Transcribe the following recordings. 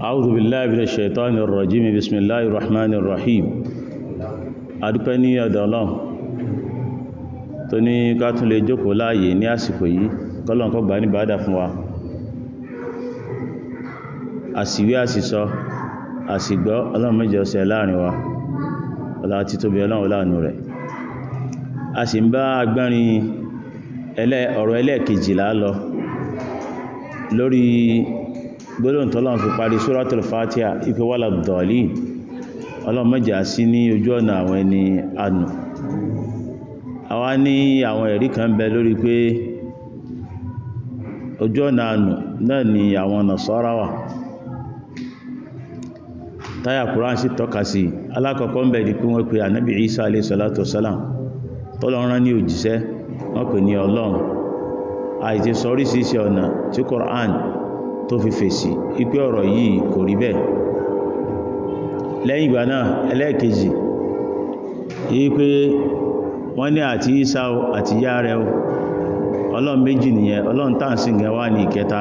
A'udhu billahi minash shaitanir rajim bismillahir rahmanir rahim adúpẹ́ ní ọ̀dọ̀ Ọlọ́run tó ní ká tún lè jókòó láàyè ní àsìkò yìí kọ́lọ̀n kọ́ gbà ní bàádà fún wa àsìwí àsìsọ àsìgbọ́ Ọlọ́run méjì ọ̀sẹ̀ láàrin wa ọlá ti tóbi Ọlọ́run láàánú gbólóhùn tọ́lọ́n fi parí suratul Fatiha ife wala dhalin ọlọ́mọjà sí ní ojú ọ̀nà àwọn ẹni ànù àwa ní àwọn ẹ̀rí kan bẹ lórí pé ojú ọ̀nà ànù náà ni àwọn Nasara wà táyà Kùránì sí tọ́ka sí alákọ̀ọ́kọ́ ń bẹ̀ ní pé wọ́n pe ànábì Isa ọ̀nà tí Kùránì tó fi fèsì ipé ọ̀rọ̀ yìí kò rí bẹ́ẹ̀ lẹ́yìn ìgbà náà ẹlẹ́ẹ̀kejì yìí pé wọ́n ní àti Ìsá o àti yá rẹ̀ o ọlọ́run méjì nìyẹn ọlọ́run tàǹsì gẹ̀ wá ní ìkẹta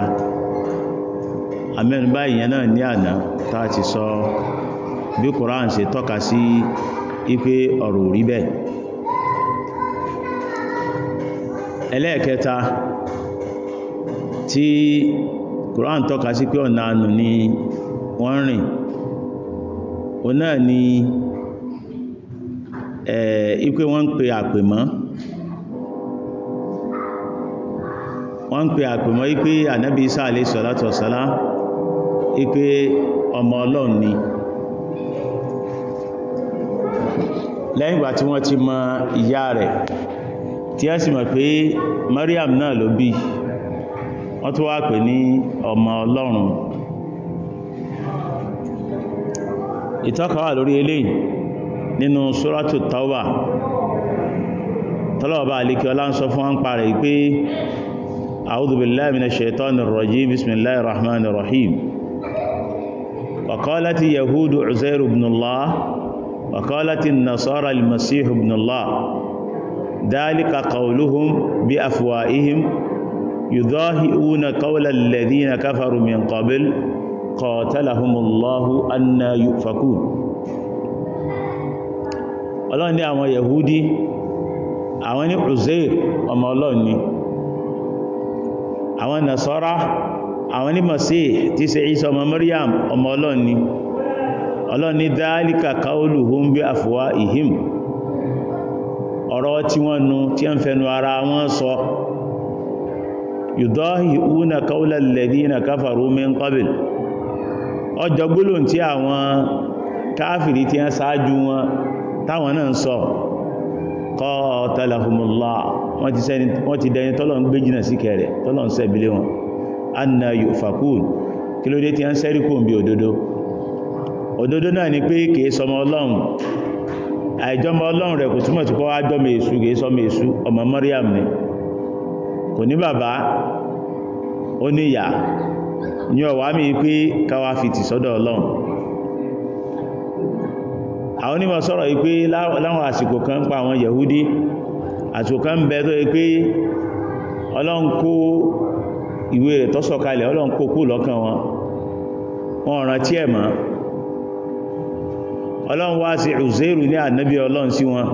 amẹ́nubá ìyẹn náà ní àná tá ti sọ bí Kùrán ṣe tọ́ka sí ipé ọ̀rọ̀ rí bẹ́ẹ̀ ẹlẹ́ẹ̀kẹta tí Quran tọ́ka sí pé ọ̀nà ànù ni wọ́n rìn o náà ni eh, ipé wọ́n ń pe àpèmọ́ wọ́n ń pe àpèmọ́ ipé ànábí Isa alayhi salatu wassalam ipé ọmọ ọlọ́run ni lẹ́yìn tí wọ́n ti mọ ìyá rẹ̀ tí a sì mọ̀ pé Maryam náà ló bí wọ́n tó wá pè ní ọmọ ọlọ́run ìtọ́ka wà lórí eléyìí nínú suratu tawbah tọ́lọ̀ọ̀bá alikí ọlá ń sọ fún wọn parẹ̀ pé a'udhu billahi minash shaitanir rajim bismillahir rahmanir rahim wa qalati yahudu uzairu ibnullah yudhahiuna qawla alladhina kafaru min qabl qatalahumullahu anna yufakun ọlọ́run ní àwọn yahudi àwọn ní uzair ọmọ ọlọ́run ni àwọn nasara àwọn ní masih tí ṣe isa ọmọ maryam ọmọ ọlọ́run ni ọlọ́run ní dhalika qawluhum bi afwahihim ọ̀rọ̀ tí wọ́n nu tí ń fẹnu ara wọn sọ so yudāhi'ūna qawla alladhīna kafarū min qabl ọjọ́ gbólóhùn tí àwọn káàfìrí tí wọ́n sáájú wọn táwọn náà ń sọ qatalahumullāh wọ́n ti dẹni tọ́lọ̀ ń gbé jìnà sí kẹrẹ tọ́lọ̀ ń sẹ́bílé wọn anna yufakūn kí ló dé tí wọ́n sẹ́rí kò ń bí òdodo òdodo náà ni pé kìí sọmọ ọlọ́run àìjọmọ ọlọ́run rẹ̀ kò túmọ̀ tí kọ́ wá jọmọ èṣù kìí ọmọ Maryam ni kò ní bàbá ó ní ìyá ní ọ̀wá mi pé káwà fi tì sọ́dọ̀ ọlọ́run àwọn onímọ̀ sọ̀rọ̀ yìí pé láwọn àsìkò kan ń pa àwọn yẹ̀húdí àsìkò kan ń bẹ tó yẹ pé ọlọ́run kó ìwé rẹ̀ tó sọ̀kalẹ̀ ọlọ́run kó kú lọ́kàn wọn wọn rántí ẹ̀ mọ́ ọlọ́run wá sí Uzairu ní ànábì ọlọ́run sí wọn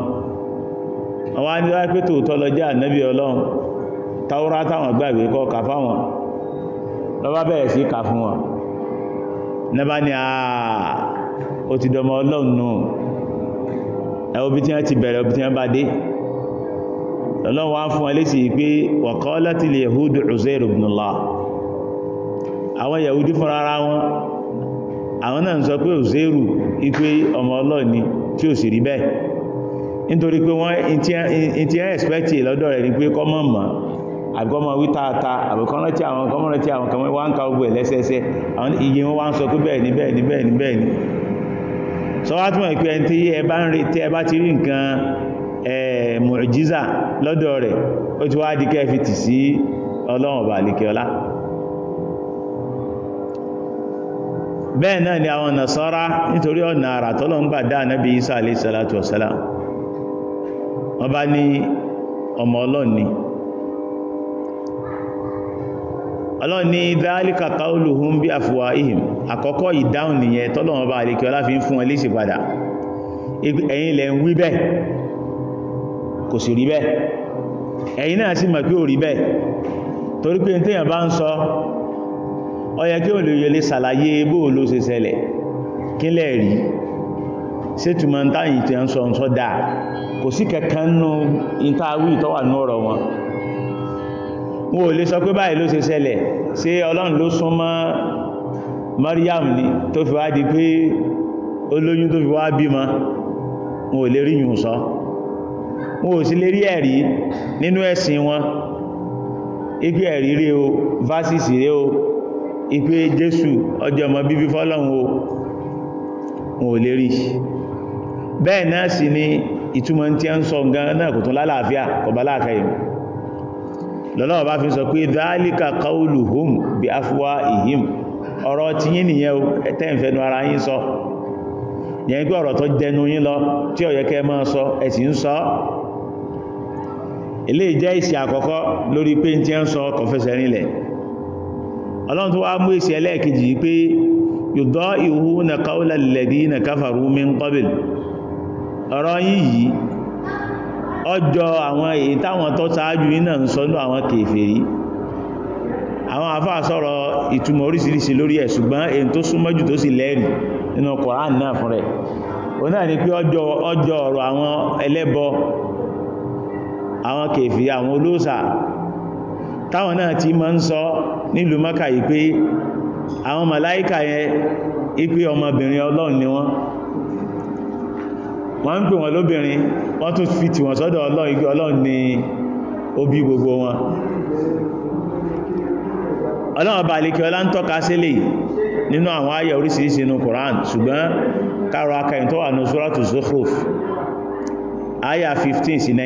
àwọn á pé tòótọ́ lọ jẹ́ ànábì ọlọ́run táwọ́rá táwọn gbàgbé kọ́ kà fáwọn lọ́bá bẹ̀rẹ̀ sí kà fún wọn nẹ́bá ni àà ó ti dọmọ ọlọ́run nù ẹwọ́ bí tí wọ́n ti bẹ̀rẹ̀ bí tí wọ́n bá dé ọlọ́run wá fún ẹlẹ́sì pé wa qalatil yahudu Uzair ibnullah àwọn yahudi nítorí pé wọ́n ti ẹ́ lọ́dọ̀ rẹ̀ ni pé kọ́mọ̀ àbíkọ́ mọ̀ wí tààtà àbíkọ́ rántí àwọn kan mọ̀ rántí àwọn kan wá ń ka ogun ẹ̀ lẹ́sẹẹsẹ àwọn iye wọn wá ń sọ pé bẹ́ẹ̀ ni bẹ́ẹ̀ ni bẹ́ẹ̀ ni bẹ́ẹ̀ ni sọ wá ẹni tí ẹ bá ń retí ẹ bá ti rí nǹkan mùjíza lọ́dọ̀ rẹ̀ ó ti wá di kẹfì tì sí ọlọ́run ọba àlìkẹ́ ọlá bẹ́ẹ̀ náà ni àwọn nàṣọ́rá nítorí ọ̀nà àrà ń gbà dá ànábì alayhi salatu wasalam wọ́n bá ní ọmọ ọlọ́run ọlọ́run ní dhalika qawluhum bi afwahihim àkọ́kọ́ ìdáhùn nìyẹn tọ́lọ́run bá àríkẹ́ ọlá fi ń fún ẹlẹ́sì padà ẹ̀yin lẹ ń wí bẹ́ẹ̀ kò sì rí bẹ́ẹ̀ ẹ̀yin náà sì mọ̀ pé ò rí bẹ́ẹ̀ torí wọn ò lè sọ pé báyìí ló ṣe ṣẹlẹ̀ ṣé ọlọ́run ló sún mọ́ Maryam ni tó fi wá di pé olóyún tó fi wá bímọ wọn ò lè rí yùn sọ wọn ò sí lè rí ẹ̀rí nínú ẹ̀sìn wọn ipé ẹ̀rí rí o vásìsì rí o ipé Jésù ọjọ́ ọmọ bíbí fọ́lọ́run o wọn ò lè rí bẹ́ẹ̀ náà sì ni ìtumọ̀ tí ń sọ gan náà kò tún lálàáfíà kọ̀bá lọ́lọ́wọ́ bá fi sọ pé dhalika qawluhum bi afwahihim ọ̀rọ̀ tí yín nìyẹn o ẹ̀tẹ́ ìfẹ́nu ara yín sọ yẹn gbé ọ̀rọ̀ tó jẹnu yín lọ tí ó yẹ kẹ́ máa sọ ẹ̀sì ń sọ ilé jẹ́ ìsì àkọ́kọ́ lórí pé tí ń sọ kọfẹsẹ̀ ọjọ́ àwọn èyí táwọn tó sáájú iná ń sọ́nú àwọn kèfèrí àwọn àfáà sọ̀rọ̀ ìtumọ̀ oríṣiríṣi lórí ẹ̀ ṣùgbọ́n èyí tó súnmọ́jù tó sì lẹ́rì nínú Koran náà fún rẹ̀ o náà ni pé ọjọ́ ọjọ́ ọ̀rọ̀ àwọn ẹlẹ́bọ àwọn kèfèrí àwọn olóòsà táwọn náà ti máa ń sọ nílùú Mákà yìí pé àwọn màláíkà yẹn ipé ọmọbìnrin Ọlọ́run ni wọ́n wọ́n ń pè wọn lóbìnrin wọ́n tún fi tì wọ́n sọ́dọ̀ ọlọ́run igi ọlọ́run ni ó bí gbogbo wọn ọlọ́run bá lè kí ọlá ń tọ́ka sílẹ̀ nínú àwọn ayẹ orísìírísìí inú Qur'an ṣùgbọ́n káàrọ akẹ́yìn tó wà ní Suratu Zukhruf 15 sí 19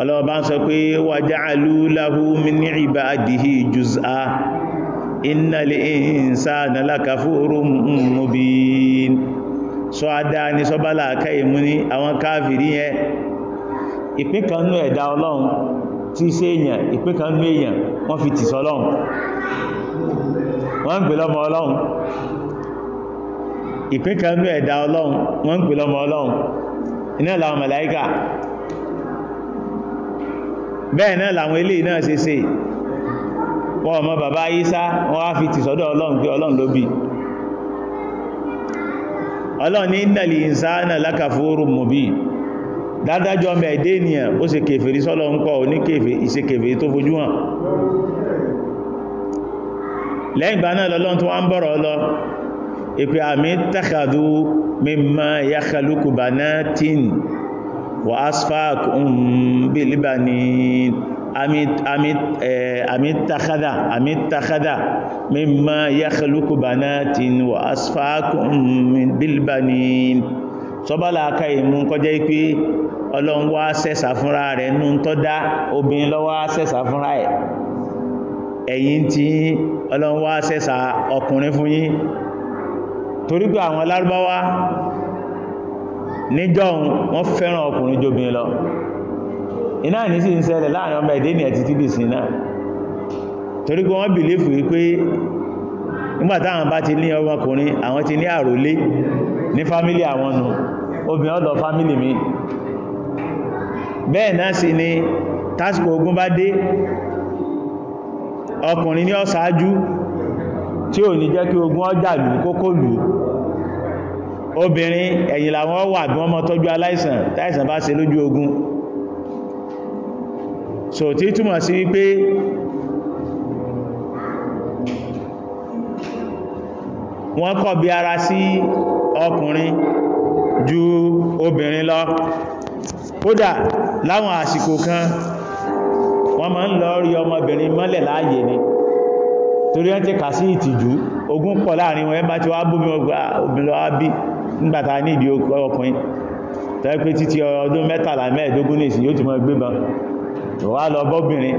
ọlọ́run bá ń sọ pé wa ja'alu lahu min ibadihi juz'a sọ adá ní sọ́bálà káìmú ní àwọn káàfìrí yẹn ìpín kan nú ẹ̀dá ọlọ́run tí í ṣe èèyàn ìpín kan nú èèyàn wọ́n fi tìsọ ọlọ́run wọ́n ń pè lọ́mọ ọlọ́run ìpín kan nú ẹ̀dá ọlọ́run wọ́n ń pè lọ́mọ ọlọ́run iná làwọn màláíkà bẹ́ẹ̀ náà làwọn eléyìí náà ṣe ṣe wọ́n ọmọ bàbá Ìsá wọ́n á fi tìsọ́dọ̀ ọlọ́run pé ọlọ́run ló bíi ọlọ́ni ìnàlì ìsáànà lákàfóró mọ̀bí dádájọ́ ọmọ ẹ̀dẹ́ ènìyàn ó ṣe kèfèrí sọ́lọ ń kọ́ ní ìṣe kèfèrí tó fojú hàn lẹ́yìn ìgbà náà lọ́lọ́n tó wá bọ̀rọ̀ lọ ìpè àmì tàkàdú mímọ̀ yàkàlùkù banatin wà asfak bí líbà ní àmìtàkádà àmìtàkádà mímọ̀ yáxẹ̀lúkù banatin wà asfak bí líbà ní sọ́bálà aka ìmú kọjá ipé ọlọ́run wá sẹ́sà fúnra rẹ̀ nú tọ́ dá obìnrin lọ́wọ́ sẹ́sà fúnra ẹ̀ ẹ̀yìn tí ọlọ́run sẹ́sà ọkùnrin fún yín torí àwọn lárúbáwá níjọ́ wọ́n fẹ́ràn ọkùnrin jóbin lọ iná ní sí ń ṣẹlẹ̀ láàrin ọmọ ẹ̀dẹ́ ní ẹ̀tì títì sí náà torí pé wọ́n bìlífù wípé nígbàtáwọn bá ti ní ọmọkùnrin àwọn ti ní àròlé ní fámílì àwọn nù obìnrin ọ̀dọ̀ fámílì mi bẹ́ẹ̀ náà sì ni tásìkò ogun bá dé ọkùnrin ní ọ̀sáájú tí ò ní jẹ́ kí ogun ọjà lù kókó lù obìnrin ẹ̀yìn làwọn wà bí wọ́n mọ́ tọ́jú aláìsàn táìsàn bá ṣe lójú ogun so tí túmọ̀ sí wípé wọ́n kọ̀ bí ara sí ọkùnrin ju obìnrin lọ kódà láwọn àsìkò kan wọ́n máa ń lọ rí ọmọbìnrin mọ́lẹ̀ láàyè ni torí wọ́n ti kà sí ìtìjú ogun pọ̀ láàrin wọn ẹ bá ti wá bómi ọgbà ah, obìnrin wá bí nígbàtà ní ìdí ọkùnrin tẹ́ pé títí ọdún mẹ́tàlá mẹ́ẹ̀dógún ní ìsìn yóò ti mọ́ gbébọn wà lọ bọ́bìnrin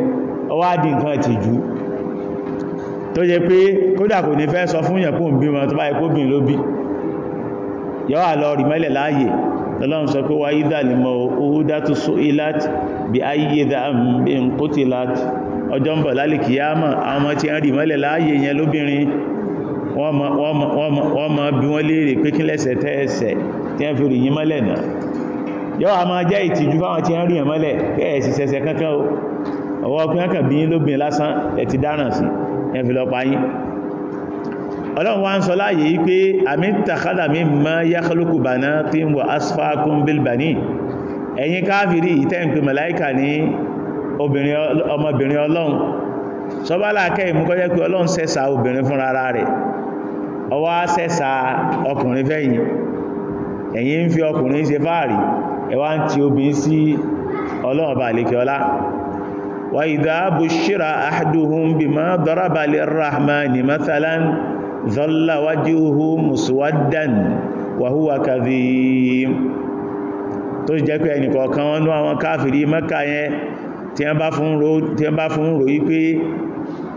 ó wá di nǹkan ìtìjú tó yẹ pé kódà kò ní fẹ́ sọ fún yẹn kó ń bímọ tó bá yẹ kó bìn ló bí yọ́ wà lọ rí mẹ́lẹ̀ láàyè tọ́lọ́run sọ pé wá ìdá lè mọ owó dátú só ilat bí ayé dá ń kó ti láti ọjọ́ ń bọ̀ lálẹ́ kìyàmọ̀ àwọn tí ń rí mẹ́lẹ̀ láàyè yẹn lóbìnrin wọ́n ma bí wọ́n léèrè pé kí lẹ́sẹ̀ tẹ́ẹ̀sẹ̀ tí wọ́n fi rí yín mọ́lẹ̀ náà yọ́ a máa jẹ́ ìtìjú fáwọn tí wọ́n rí yàn mọ́lẹ̀ kẹ́ẹ̀sì sẹ̀sẹ̀ kankan o ọwọ́ ọkùnrin kan bí yín lóbìn lásán ẹ̀ ti dáràn sí ẹ̀ fi lọ pa yín ọlọ́run wá ń sọ láàyè yí pé àmì tàkádà mi mọ́ yákọlùkù bàná tí ń wọ asfákún bilbani ẹ̀yin káfìrí ìtẹ́ ń pè màláìkà ní obìnrin ọmọbìnrin ọlọ́run sọ́bálà kẹ́ ìmúkọ́ jẹ́ pé ọlọ́run sẹ́sà obìnrin fún rárá rẹ̀ ọwá sẹ́sà ọkùnrin fẹ́yìn ẹ̀yin ń fi ọkùnrin ṣe fáàrí ẹwà ń ti obìnrin sí ọlọ́run bá lè kíọlá wà ìdá bushira ahaduhum bima daraba lirrahmani mathalan dhalla wajhuhu muswaddan wa huwa kadhim tó jẹ́ pé ẹnìkọ̀ọ̀kan wọn ní àwọn káfìrí Mẹ́kà yẹn tí wọ́n bá fún ròyí pé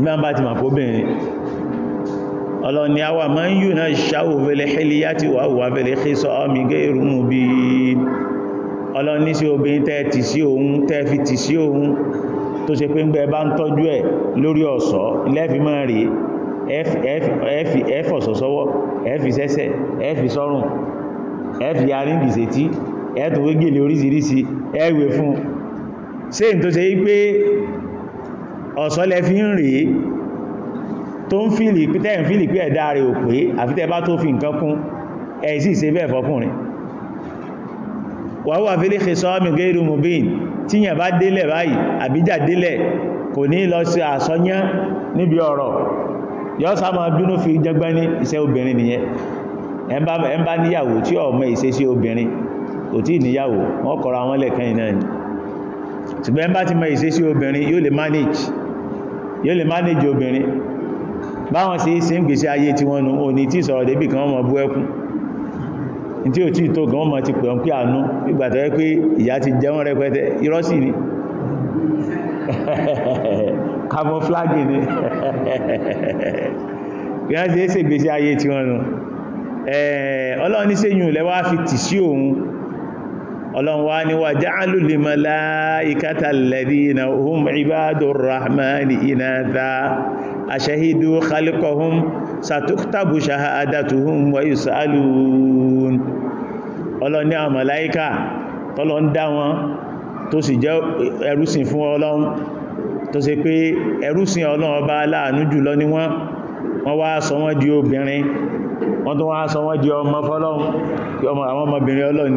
náà bá ti màpó bìnrin ọlọ́ni àwà máa ń yùn náà ṣáwò fẹ́lẹ̀ hẹ́lì yàtí wà wà fẹ́lẹ̀ ṣe sọ ọmọ igé ìrùmù bí i ọlọ́ni sí obìnrin tẹ́ ti sí òun tẹ́ fi ti sí òun tó ṣe pé ń gbẹ bá ń tọ́jú ẹ̀ lórí ọ̀ṣọ́ lẹ́fi ọ̀sọ́lẹ̀ fi ń rèé tó ń fìlì pítẹ́ ń fìlì pé ẹ̀dá rẹ̀ ò pé àfitẹ́ bá tó fi nǹkan kún ẹ̀ sì ṣe bẹ́ẹ̀ fọkùnrin wàhúwà fi lè ṣe sọ́ọ́mì gẹ́rù mubin tíyàn bá délẹ̀ báyìí àbíjà délẹ̀ kò ní lọ sí àsọyán níbi ọ̀rọ̀ yọ́ sáàmà bínú fi jẹgbẹ́ ní iṣẹ́ obìnrin nìyẹn ẹ bá níyàwó tí ọmọ ìṣesí obìnrin kò tí níyàwó wọ́n kọra wọn lẹ̀kẹ́ ìnáà ni ṣùgbọ́n ẹ bá ti mọ ìṣesí obìnrin yóò lè manage yóò lè manage obìnrin báwọn sí sí ń gbèsè ayé tí wọ́n o ní tí sọ̀rọ̀ débì kan ọmọ bú ẹkùn tí ò tí tó gan ọmọ ti pè ọ́n pé àánú ìgbàtọ̀ ẹ pé ìyá ti jẹun rẹpẹtẹ irọ́ sì ni camouflage ni bí wọ́n sì ń ṣègbèsè ayé tí wọ́n ní sẹ́yìn ọlọ́run wá ní wa ja'alu lil malaikati alladhina hum ibadur rahmani inatha ashahidu khalqahum satuktabu shahadatuhum wa yus'alun ọlọ́run ní àwọn màláíkà tọ́lọ ń dá wọn tó sì jẹ́ ẹrúsìn fún ọlọ́run tó ṣe pé ẹrúsìn ọlọ́run ọba aláàánú jùlọ ni wọ́n wọ́n wá sọ wọ́n di obìnrin wọ́n tó wá sọ wọ́n di ọmọ fọ́lọ́run àwọn ọmọbìnrin ọlọ́run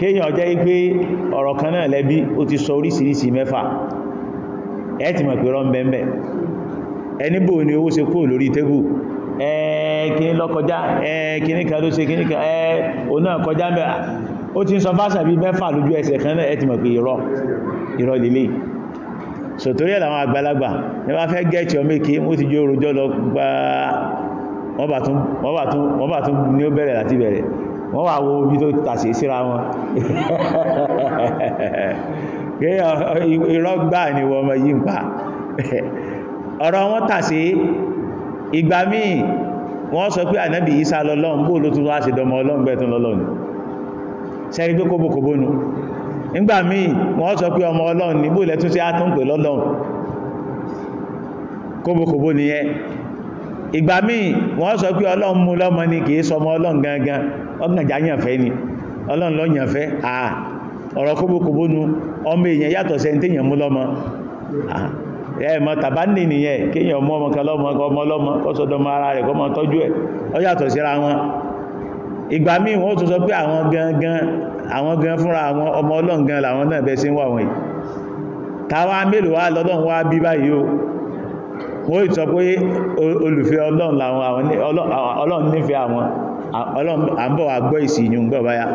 kéèyàn jẹ́ wípé ọ̀rọ̀ kan náà lẹ́bí ó ti sọ oríṣiríṣi mẹ́fà ẹ ti mọ̀ pé rán bẹ́ẹ̀bẹ́ ẹni bò ní owó ṣe kúrò lórí tébù ẹ̀ẹ́kìní lọ́kọjá ẹ̀ẹ́kìní kan ló ṣe kíní kan ẹ̀ẹ́ òun náà kọjá mẹ́ ó ti ń sọ fásà bí mẹ́fà lójú ẹsẹ̀ kan náà ti mọ̀ wọ́n wà wo ibi tó tàṣe síra wọn irọ́ gbà ní wọ́n mọ̀ yí ń pa ọ̀rọ̀ wọn tàṣe ìgbà míì wọ́n sọ pé ànábì Ìsá lọ́lọ́run bóò ló tún wá ṣe dọmọ ọlọ́run bẹ́ẹ̀ tún lọ́lọ́run sẹ́rí pé kóbókóbó nu nígbà míì wọ́n sọ pé ọmọ ọlọ́run ní bóò lẹ́tún sí átúnpè lọ́lọ́run kóbókóbó ìgbà míì wọ́n sọ pé ọlọ́run mú lọ́mọ ni kìí sọmọ ọlọ́run gangan ọ̀nàjà yànfẹ́ ni ọlọ́run lọ yànfẹ́ àà ọ̀rọ̀ kóbókóbó nu ọmọ èèyàn yàtọ̀ sẹ́ni téèyàn mú lọ́mọ ẹ̀mọ tàbánì nìyẹn kéèyàn mú ọmọ kan lọ́mọ ọmọ ọlọ́mọ kọ́sọdọmọ ara rẹ̀ kọ́mọ tọ́jú ẹ̀ ọ yàtọ̀ síra wọn ìgbà míì wọ́n tún sọ pé àwọn gangan àwọn gan fúnra àwọn ọmọ ọlọ́run gan làwọn náà bẹ́ sí ń wà wọ̀n yìí táwa mélòó wá lọ́lọ́run wá bí báyìí o wọ́n ì sọ pé olùfẹ́ ọlọ́run làwọn ọlọ́run nífẹ̀ẹ́ àwọn àbọ̀ àgbọ́ ìsì ìyún gbọ́ báyá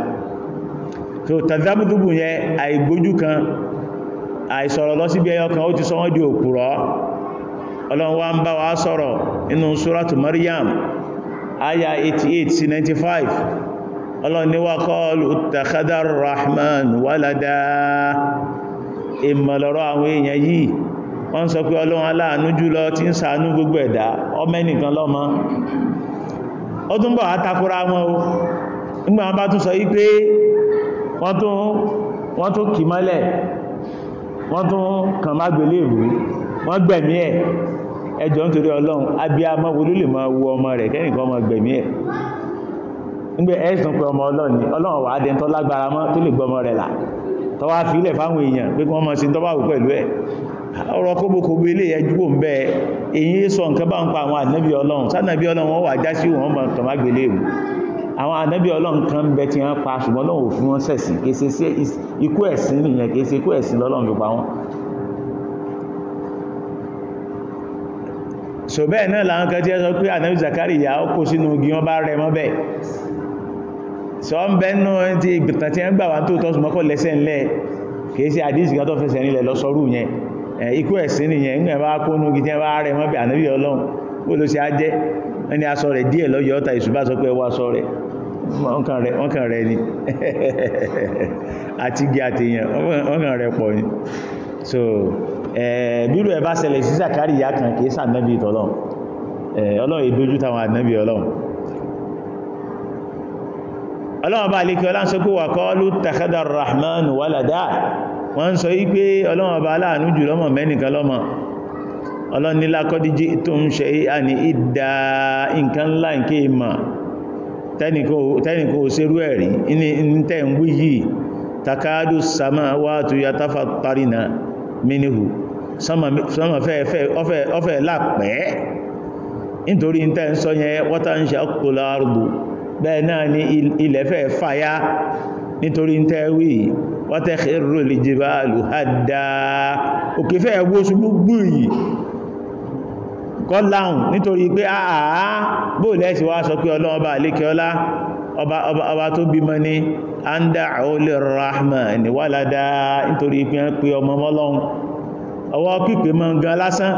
so tàzábùdúgbù yẹn àìgbójú kan àìsọ̀rọ̀ lọ síbi ẹyọ kan ó ti sọ wọ́n di òpùrọ́ ọlọ́run wá ń bá wa sọ̀rọ̀ inú súrátù Maryam aya 88 sí 95 ọlọ́run ní wá kọlu takada rahman walada ìmọ̀lọ́rọ̀ àwọn èèyàn yìí wọ́n sọ pé ọlọ́run aláàánú jùlọ ti ń ṣàánú gbogbo ẹ̀dá ọmọ ẹnìkan lọ́mọ ó bọ̀ àtakora wọn o nígbà wọn bá tún sọ yí pé wọ́n tún kì mọ́lẹ̀ wọ́n tún kàn má gbélé ìwé wọ́n gbẹ̀mí ẹ̀ ẹjọ́ nítorí ọlọ́run abiyamọ wo ló lè máa wo ọmọ rẹ̀ kẹ́nìkan ọmọ gbẹ̀mí ẹ̀ nígbẹ̀ ẹ̀sùn pé ni ọlọ́run wà á dẹni tó lágbára mọ́ tó lè gbọmọ rẹ̀ ẹ̀ èyí sọ nǹkan bá ń pa àwọn ànábí ọlọ́run sánàbí ọlọ́run wọ́n wà já sí wọn mọ̀ tọ̀má gbélé ìwò àwọn ànábí ọlọ́run kan bẹ ti wọ́n pa ṣùgbọ́n lọ́wọ́ fún wọn sẹ̀sìn kése sí ikú ẹ̀sìn nìyẹn kése ikú ẹ̀sìn lọ́lọ́run fi pa wọn so bẹ́ẹ̀ náà làwọn kan tí ẹ sọ pé ànábí Zakariya ó kó sínú igi wọn bá rẹ mọ́ bẹ́ẹ̀ sọ ń bẹ́ nú ti ìgbìtàn tí wọ́n gbà wá tó tọ́sùmọ́kọ̀ lẹ́sẹ̀ ńlẹ̀ kìí ṣe kan tó fẹsẹ̀ nílẹ̀ lọ́sọ́rù yẹn ikú ẹ̀sìn nìyẹn nígbà bá kónú gidi ẹ bá rẹ mọ́ bí ànábì ọlọ́run bó ló ṣe á jẹ́ ẹni aṣọ rẹ̀ díẹ̀ lọ́yọ̀ ọ́ta ìṣùbá sọ pé ẹwà aṣọ rẹ̀ wọ́n kàn rẹ̀ ni àti igi wọ́n kàn rẹ̀ kan kìí ọlọ́wọ́ bá lè kí ọlá ń sọ pé wà qalu takhadha ar-rahmanu walada wọ́n ń sọ yí pé ọlọ́wọ́ bá aláàánú jù lọ́mọ mẹ́nìkan lọ́mọ ọlọ́nilá kọ́díjí tó ń ṣe àní ìdá nǹkan ńlá nke ìmọ̀ tẹ́nìkò òṣèrú ẹ̀rí ní tẹ́ ń wí yìí takádù samawatu nítorí tẹ́ ń sọ yẹn wọ́ta ń ṣe ọkùnlá bẹ́ẹ̀ náà ni ilẹ̀ fẹ́ fàyá nítorí ń tẹ́wì wọ́tẹ́kẹ̀rọ lè jẹba alùhádá òkè fẹ́ ẹgbó ṣubú gbùyì kọ́ láhùn nítorí pé àà bóòlẹ́sì wá sọ pé ọlọ́run ọba àlékẹ́ọlá ọba tó bímọ ní andá àólè rahman wàládá nítorí ìpín pé ọmọ mọ́lọ́un ọwọ́ pípé mọ́ gan lásán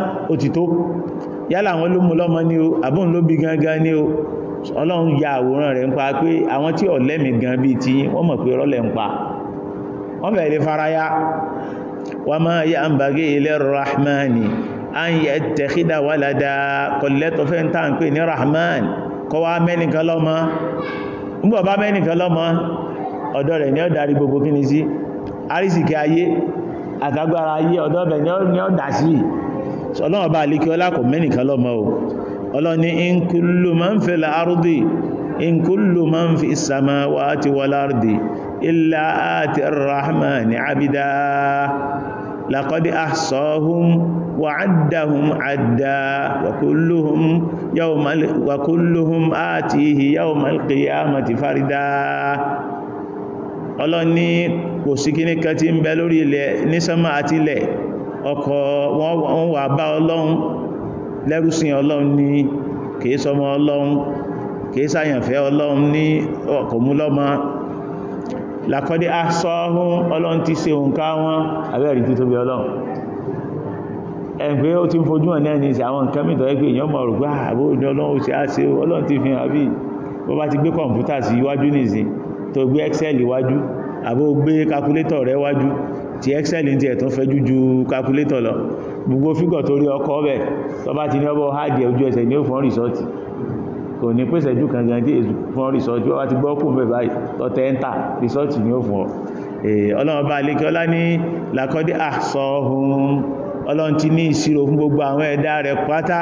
ọlọ́run ya àwòrán rẹ̀ ń pa pé àwọn tí ò lẹ́mì gan bí ti wọ́n mọ̀ pé rọ́lẹ̀ ń pa wọ́n fẹ̀ lè faraya wa ma yanbaghi lir rahmani an yattakhida walada kọ̀lẹ́tọ̀ fẹ́ ń tàn pé ní rahman kọ́ wá mẹ́nìkan lọ́mọ nígbà bá mẹ́nìkan lọ́mọ ọ̀dọ̀ rẹ̀ ni ó darí gbogbo kíni sí arísìkí ayé àtàgbára ayé ọ̀dọ̀ rẹ̀ ni ó dà sí ọlọ́run ọlọ́ni in kullu man fil ardi in kullu man fis samawati wal ardi illa ati arrahmani abida laqad ahsahum wa addahum adda wa kulluhum yawmal wa kulluhum atihi yawmal qiyamati farida ọlọ́ni kò sí kíní kan ń bẹ lórí ilẹ̀ ní sánmà àti ilẹ̀ ọkọ̀ wọn wà bá ọlọ́run lẹ́rúsìn ọlọ́run ní kìí sọmọ ọlọ́run kìí sàyànfẹ́ ọlọ́run ní ọkọ̀múlọ́mọ lakọ́dí asọ́hún ọlọ́run ti ṣe òǹkà wọn abẹ́rì tí tóbi ọlọ́run ẹgbẹ́ ó ti ń fojú wọn náà ní ìsẹ̀ àwọn nǹkan mìtọ́ ẹgbẹ́ èèyàn mọ̀ rògbà àbúrò ní ọlọ́run ó ṣe á ṣe ọlọ́run ti fi hàn bí ó bá ti gbé kọ̀ǹpútà sí iwájú nìsín tó gbé excel iwájú àbó gbé calculator rẹ wájú ti excel ní ti ẹ̀tún fẹjú ju calculator lọ gbogbo fígọ̀ tó rí ọkọ̀ ọbẹ̀ tó bá ti ní ọbọ̀ hajj ojú ẹsẹ̀ ní òfin rìsọ́ọ̀tì kò ní pèsè jù kan gan tí èsù fún rìsọ́ọ̀tì wọ́n ti gbọ́ kù mẹ́ báyìí tọ́tẹ́ ẹ́ńtà rìsọ́ọ̀tì ní òfin ọlọ́run bá lékẹ́ ọlá ní làkọ́dé àṣọ ọlọ́run ti ní ìṣirò fún gbogbo àwọn ẹ̀dá rẹ̀ pátá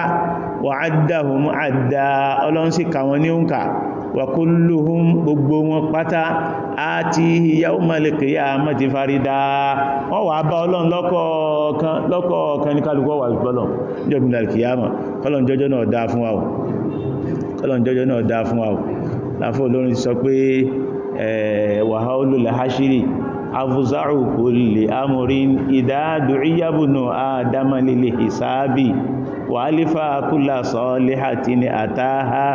wà ádàhùn àdá ọlọ́run sì kà wọ́n ní òǹkà wà kó lóhun gbogbo wọn pátá àti ìyàwó mọ̀lẹ̀kẹ̀ yà mọ̀ ti farida wọ́n wà bá ọlọ́run lọ́kọ̀ọ̀kan lọ́kọ̀ọ̀kan ní kálukọ́ wà dáa fún wa o kọlọ̀n jọjọ́ náà afúzáàrù kò lè amòrin ìdádùríyàbùnù àdámalìlè ìsáábì wà alifa akúlà sọ lè àti ni àtàhà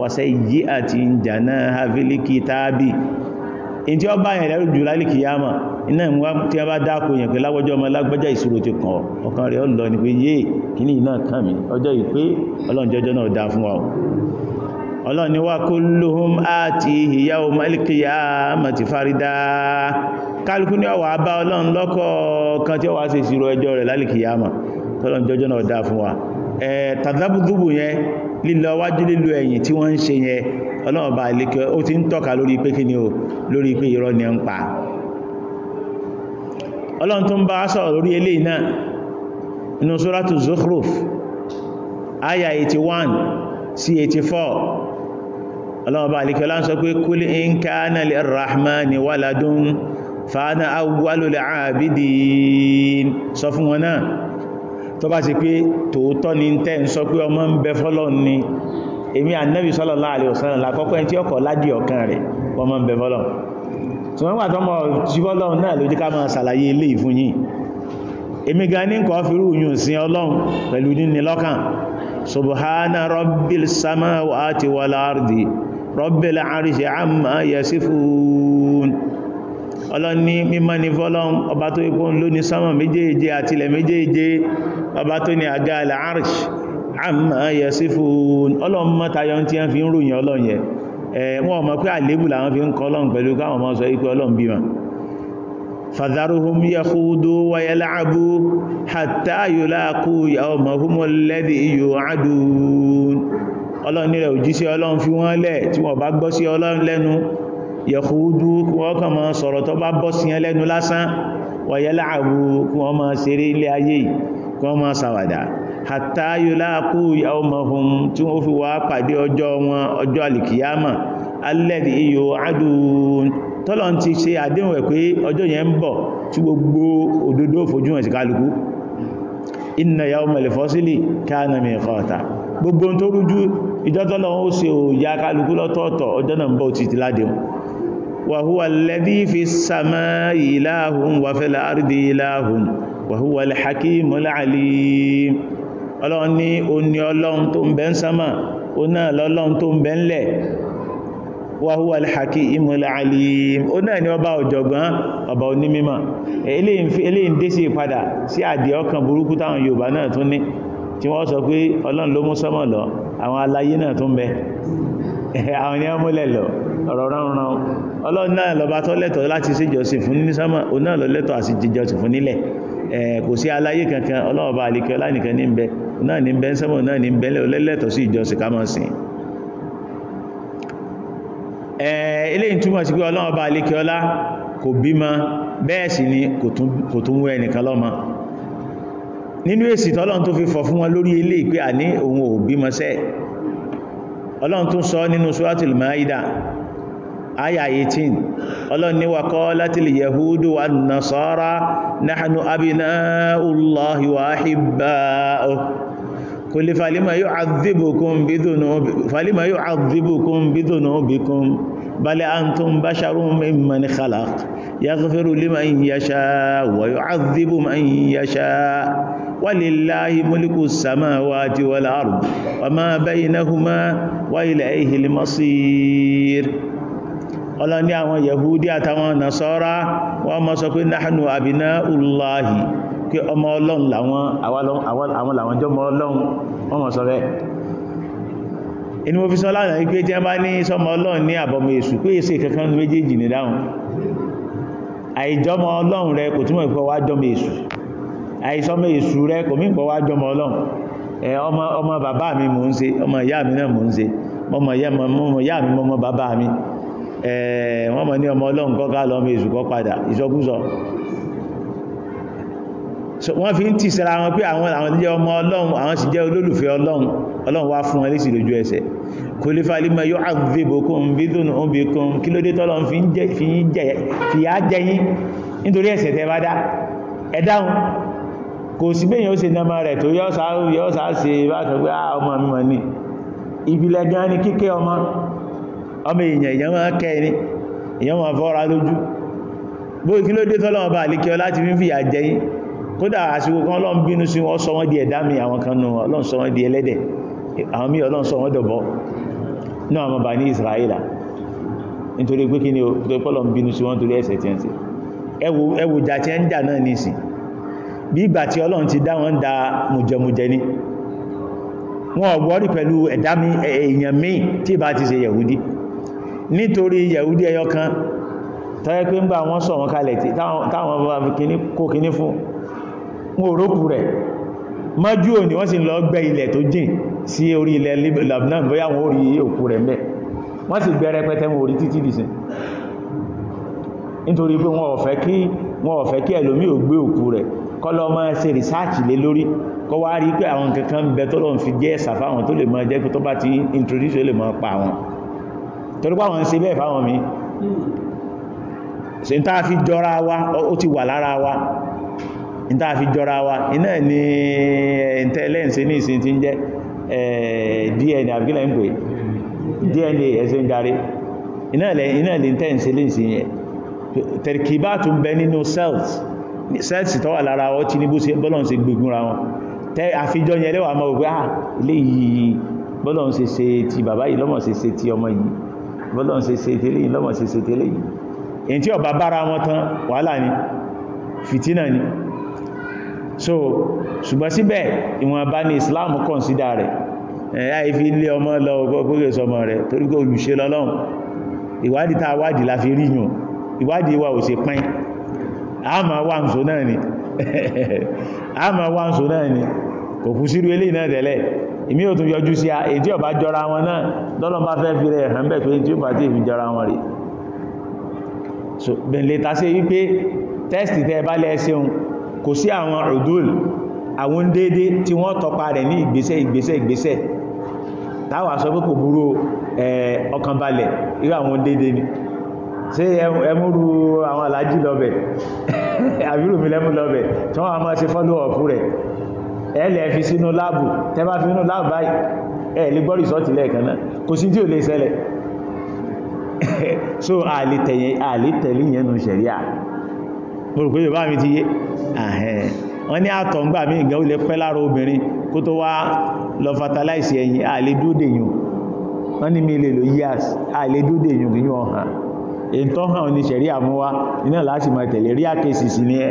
wàṣẹ ha wasa ìjànà in yẹn a yẹn ọmọ ti kàn ọkàn rẹ̀ ọlọ ni pé yé kìíní iná kàn mí ọjọ́ ìpé ọlọ́njọ́jọ́ náà dá fún wa ọlọ́ni wa kulluhum àti ìyá ọmọ alìkìyà kálukú ní ọwà bá ọlọ́run lọ́kọ̀ kan tí ó wá sí ìṣirò ẹjọ́ rẹ̀ lálìkìyàmà tọ́lọ́n jọjọ́ náà dá fún wa tàdábùdúbù yẹn lílọ wájú lílọ ẹ̀yìn tí wọ́n ń ṣe yẹn ọlọ́run bá ilékẹ́ ó ti ń tọ́ka lórí pé kí ni o lórí pé irọ́ ni ń pa ọlọ́run tó ń bá sọ̀rọ̀ lórí fàánà awwalul abidin sọ fún wọn náà tó bá ṣe pé tòótọ́ ni tẹ́ ń sọ pé ọmọ ń bẹ fọ́lọ́n ni èmi ànábì sallallahu alaihi wasallam lákọ́kọ́ ẹni tí ọkọ̀ ládìí ọ̀kan rẹ̀ ọmọ ń bẹ fọ́lọ́n tí wọ́n wà tọ́mọ̀ tí fọ́lọ́n náà ló jẹ́ ká máa ṣàlàyé subhana rabbil samawati wal ardi rabbil arshi amma yasifun ọlọ́ni mímọ́ ni fọ́lọ́n ọba tó ipò ń ló ní sánmà méjèèje àti ilẹ̀ méjèèje ọba tó ní àga ilẹ̀ arsh àmà yẹ sí fún ọlọ́run mọ́tayọ tí wọ́n fi ń ròyìn ọlọ́run yẹ wọ́n mọ̀ pé àlébù làwọn fi ń kọ́ ọlọ́run pẹ̀lú káwọn mọ́ sọ ipò ọlọ́run bímọ fadharuhum yẹ̀kúúdú wọ́n kàn máa sọ̀rọ̀ tó bá bọ́ sí yẹn lẹ́nu lásán wọ̀yẹ́lá àwú kí wọ́n máa ṣeré ilé ayé kí wọ́n máa sàwàdà àtàyò láàkú ìyàwó mahun tí wọ́n fi wá pàdé ọjọ́ wọn ọjọ́ alìkìyàmà alẹ́dì iyò adùn tọ́lọ̀ ti ṣe àdéhùn ẹ̀ pé ọjọ́ yẹn ń bọ̀ tí gbogbo òdodo fojú hàn sí kálukú inna yawmal fasli وهو الذي في السماء ìlàhùn وفي الأرض ìlàhùn وهو الحكيم العليم ọlọ́run ní o ní ọlọ́run tó ń bẹ ń sánmà o náà lọ́lọ́run tó ń bẹ ń lẹ̀ wàhúwà lẹ́hàkí mọ́láàlì o náà ni ọba ọ̀jọ̀gbọ́n ọba onímímọ̀ eléyìn dé sí ìpadà sí àdì ọkàn burúkú táwọn Yorùbá náà tún ní tí wọ́n sọ pé ọlọ́run ló mú sánmà lọ àwọn aláyé ọ̀rọ̀ ránran ọlọ́run náà lọba tó lẹ́tọ̀ọ́ láti ṣèjọsìn fún ní sámà òun náà lọ lẹ́tọ̀ọ́ àti jíjọsìn fún nílẹ̀ kò sí aláyé kankan ọlọ́run bá àlekẹ́ ọlánìkan ní bẹ náà ní bẹ sámà náà ní bẹ́lẹ̀ olẹ́lẹ́tọ̀ọ́ sí ìjọsìn kámọ́ sí pé ọlọ́run ni kò tún wẹ́ ẹnìkan lọ́mọ nínú èsì tọ́lọ́run tó fi fọ̀ fún wọn lórí ilé ìpé àní òun ò bímọ sẹ́ẹ̀ ọlọ́run tún sọ nínú suratul Maida aya 18 ọlọ́ni wa qalatil yahudu wan nasara nahnu abna'ullahi wa ahibba'uh kuli falima yu'adhibukum bidhunubikum falima yu'adhibukum bidhunubikum bal antum basharun mimman khalaq yaghfiru liman yasha wa yu'adhibu man yasha walillahi mulku samawati wal ard wa ma baynahuma wa ilayhi al-masir ọlọ́n ní àwọn yahudi àtàwọn nasọ́ra wọ́n mọ́ sọ pé náhànù àbìná ulahi pé ọmọ ọlọ́run làwọn àwọn làwọn jọmọ ọlọ́run wọ́n mọ̀ sọ rẹ̀ inú mo fi sọ lánàá wípé tí a bá ní sọmọ ọlọ́run ní àbọ̀mọ̀ èṣù pé èsè kankan ní méjèèjì ní dáhùn àìjọmọ ọlọ́run rẹ kò túnmọ̀ ìpọ̀ wá jọmọ èṣù àìsọmọ èṣù rẹ kò mí ìpọ̀ wá jọmọ ọmọ bàbá mi mò ń ṣe ọmọ ìyá mi náà mò ń ṣe ọmọ ìyá mi mọ́mọ bàbá mi wọ́n mọ̀ ní ọmọ ọlọ́run kọ́ká lọ́mọ èṣù kọ́ padà ìsọkúsọ wọ́n fi ń tì sára wọn pé àwọn àwọn jẹ́ ọmọ ọlọ́run àwọn sì jẹ́ olólùfẹ́ ọlọ́run ọlọ́run wá fún wọn lésì lójú ẹsẹ̀ kò lè falímọ̀ yóò àgbébòkún bí dùn òbí kan kí ló dé tọ́lọ fi ń jẹ́ fi ń jẹ́ fi á jẹ́ yín nítorí ẹ̀ṣẹ̀ tẹ́ bá dá ẹ dáhùn kò sí bẹ́yìn ó ṣe nàmà rẹ̀ tó yọ́ sáà ṣe bá sọ pé ah, ọmọ mi mọ̀ ní ìbílẹ̀ gan ni kíkẹ́ ọmọ ọmọ èèyàn èèyàn máa kẹ́ ẹni èèyàn máa fọ́ra lójú bó kí ló dé tọ́lọ́wọ́ bá àlékẹ́ láti fífi àjẹ́ yìí kódà àsìkò kan ọlọ́run bínú sí wọ́n sọ wọ́n di ẹ̀dá mi àwọn kan nù ọlọ́run sọ wọ́n di ẹlẹ́dẹ̀ àwọn míì ọlọ́run sọ wọ́n dọ̀bọ́ náà àwọn ni o tó pọ́lọ̀ ń bínú sí wọ́n torí ẹ̀ṣẹ̀ pẹ̀lú ẹ̀dá èèyàn míì tí ìbá ti ṣe Yẹ̀húdí nítorí yahudi ẹyọ kan tọ́yẹ́ pé ń bá wọn sọ wọn kalẹ̀ tí táwọn bá kó kíní fún wọn òrókù rẹ̀ mọ́jú òní wọ́n sì lọ gbẹ́ ilẹ̀ tó jìn sí orí ilẹ̀ Lebanon bóyá wọn orí òkú rẹ̀ mẹ́ wọ́n sì gbẹ́ rẹpẹtẹ wọn orí títí dìsìn nítorí pé wọn ò fẹ́ kí wọn ò fẹ́ kí ẹlòmí ò gbé òkú rẹ̀ kọ́lọ́ máa ṣe rìsáàtì lé lórí kọ́ wá rí pé àwọn kankan bẹ tọ́lọ́ fi jẹ́ ẹ̀sà fáwọn tó lè máa jẹ́ pé tó bá ti introduce ó lè máa pa àwọn torí pé àwọn ń ṣe bẹ́ẹ̀ fáwọn mi ṣe ń táà fi jọra wa ó ti wà lára wa ń táà fi jọra wa iná ni intelligence eh, ní ìsin ti ń jẹ́ eh, DNA àbíkílẹ̀ ń pè DNA ẹ̀sẹ̀ ń darí iná ilẹ̀ intelligence lè sí yẹn tẹ̀rìkìbá tún bẹ nínú cells cells tó wà lára ọ tí ní bọ́lọ̀ ń ṣe gbogbo wọn tẹ́ àfijọ́ yẹn lẹ́wàá mọ́ wípé ah ilé yìí bọ́lọ̀ ṣe ṣe ti bàbá yìí lọ́mọ̀ ṣe ṣe ti ọmọ yìí bọ́lọ̀n ṣe ṣe tẹ́lẹ̀ yìí lọ́wọ́n ṣe ṣe tẹ́lẹ̀ yìí èyí tí ọba bára wọn tán wàhálà ni fìtínà ni so ṣùgbọ́n síbẹ̀ ìwọ̀nba ni Islam consider rẹ̀ ẹ̀yà ifi ilé ọmọ lọ ọgbọ́gbọ́gbọ́ sọmọ rẹ̀ torí kò olùṣe lọ́lọ́run ìwádìí tàà wádìí la fi ríyàn ìwádìí wa ò ṣe pín àmà wà ń so náà ni àmà wà ń so náà èmi ò tún yọjú sí èdí ọba jọra wọn náà lọ́lọ́ bá fẹ́ fi rẹ̀ hàn bẹ́ẹ̀ pé tí ó bá tí èmi jọra wọn rè so bẹ̀lẹ̀ ta sí wípé tẹ́sì tẹ́ bá lẹ́ ṣeun kò sí àwọn ọ̀dùl àwọn déédé tí wọ́n tọpa rẹ̀ ní ìgbésẹ̀ ìgbésẹ̀ ìgbésẹ̀ táwà sọ pé kò burú ọkàn balẹ̀ irú àwọn déédé ni ṣé ẹmúrú àwọn alájí lọ́bẹ̀ àbírù mi lẹ́mú lọ́bẹ̀ tí wọ́n máa ṣe fọ́lọ́ọ̀fù rẹ̀ ẹ̀lẹ́ fi sínú láàbù tẹ́bá fi sínú láàbù báyìí ẹ̀ lè gbọ́ rìsọ́ọ̀tì lẹ́ẹ̀kan kò sí tí ò lè ṣẹlẹ̀ so àlítẹ̀lé yẹn nù ṣẹ̀ríà mo rò pé yorùbá mi ti yé wọ́n ní àtọ̀ ńgbà mí ìgbà ó lè pẹ́ lára obìnrin kó tó wá lọ fatalize ẹ̀yìn àlè dúdè yùn wọ́n ní mi lè lò years àlè dúdè yùn kí yùn ọ̀hàn èyí tó hàn ní ṣẹ̀ríà mú iná láti máa tẹ̀lé rí àkèsì sí ní ẹ̀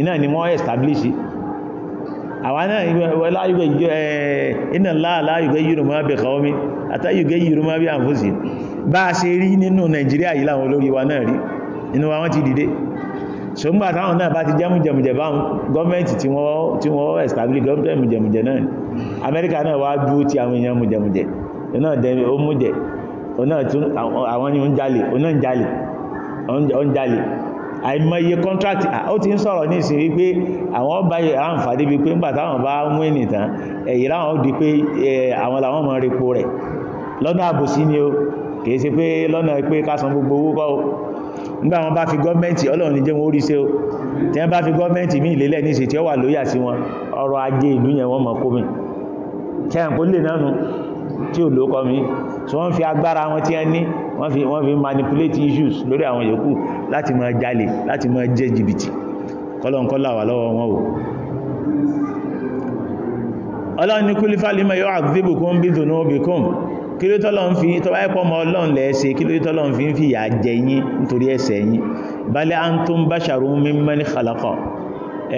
iná ni wọ́n establish àwa náà láyùgẹ́ yìí ẹ̀ iná láàláyùgẹ́ yìí rùmọ́ bẹ̀ kọ́ mi àtàyùgẹ́ yìí rùmọ́ bí àǹfóṣì bá a ṣe rí nínú nàìjíríà yìí láwọn olórí wa náà rí inú wa wọ́n ti dìde so ń gbà táwọn náà bá ti jẹ́ mújẹmújẹ bá gọ́ọ̀mẹ́ntì tí wọ́n tí wọ́n establish gọ́ọ̀mẹ́ntì mújẹmújẹ náà amẹ́ríkà náà wá dúró ti àwọn èèyàn àìmọye contract ó ti ń sọ̀rọ̀ ní ìsìn wípé àwọn bá àǹfààní bíi pé ńgbà táwọn bá mú ènìtàn ẹ̀yìn láwọn di pé àwọn làwọn mọ̀ repo rẹ̀ lọ́nà àbòsí ni o kìí ṣe pé lọ́nà pé ká san gbogbo owó kọ́ o nígbà wọn bá fi gọ́ọ̀mẹ́ntì ọlọ́run ní jẹ́ wọn ó rí ṣe o tí wọ́n bá fi gọ́ọ̀mẹ́ntì mí ìlélẹ̀ ní ìsìn tí ó wà lóyà sí wọn ọrọ̀ ajé ìlú yẹn wọ́n mọ̀ kómi kẹ́hìn kó lè náà nu tí ò lókọ mi tí wọ́n fi agbára wọn tí wọ́n ní wọ́n fi wọ́n fi manipulate issues lórí àwọn yòókù láti máa jalè láti máa jẹ jìbìtì kọ́lọ̀nkọ́lọ̀ wà lọ́wọ́ wọn o ọlọ́run ní kúlífà límọ̀ yóò àgbébù kún bí dùnú obì kún kí ló tọ́lọ́ ń fi tọ́wá ẹ̀pọ̀ ọmọ ọlọ́run lẹ́ẹ̀ṣẹ̀ kí ló tọ́lọ́ ń fi ń fi ìyà jẹ yín nítorí ẹ̀ṣẹ̀ yín balẹ̀ antum basharun mimman khalaqa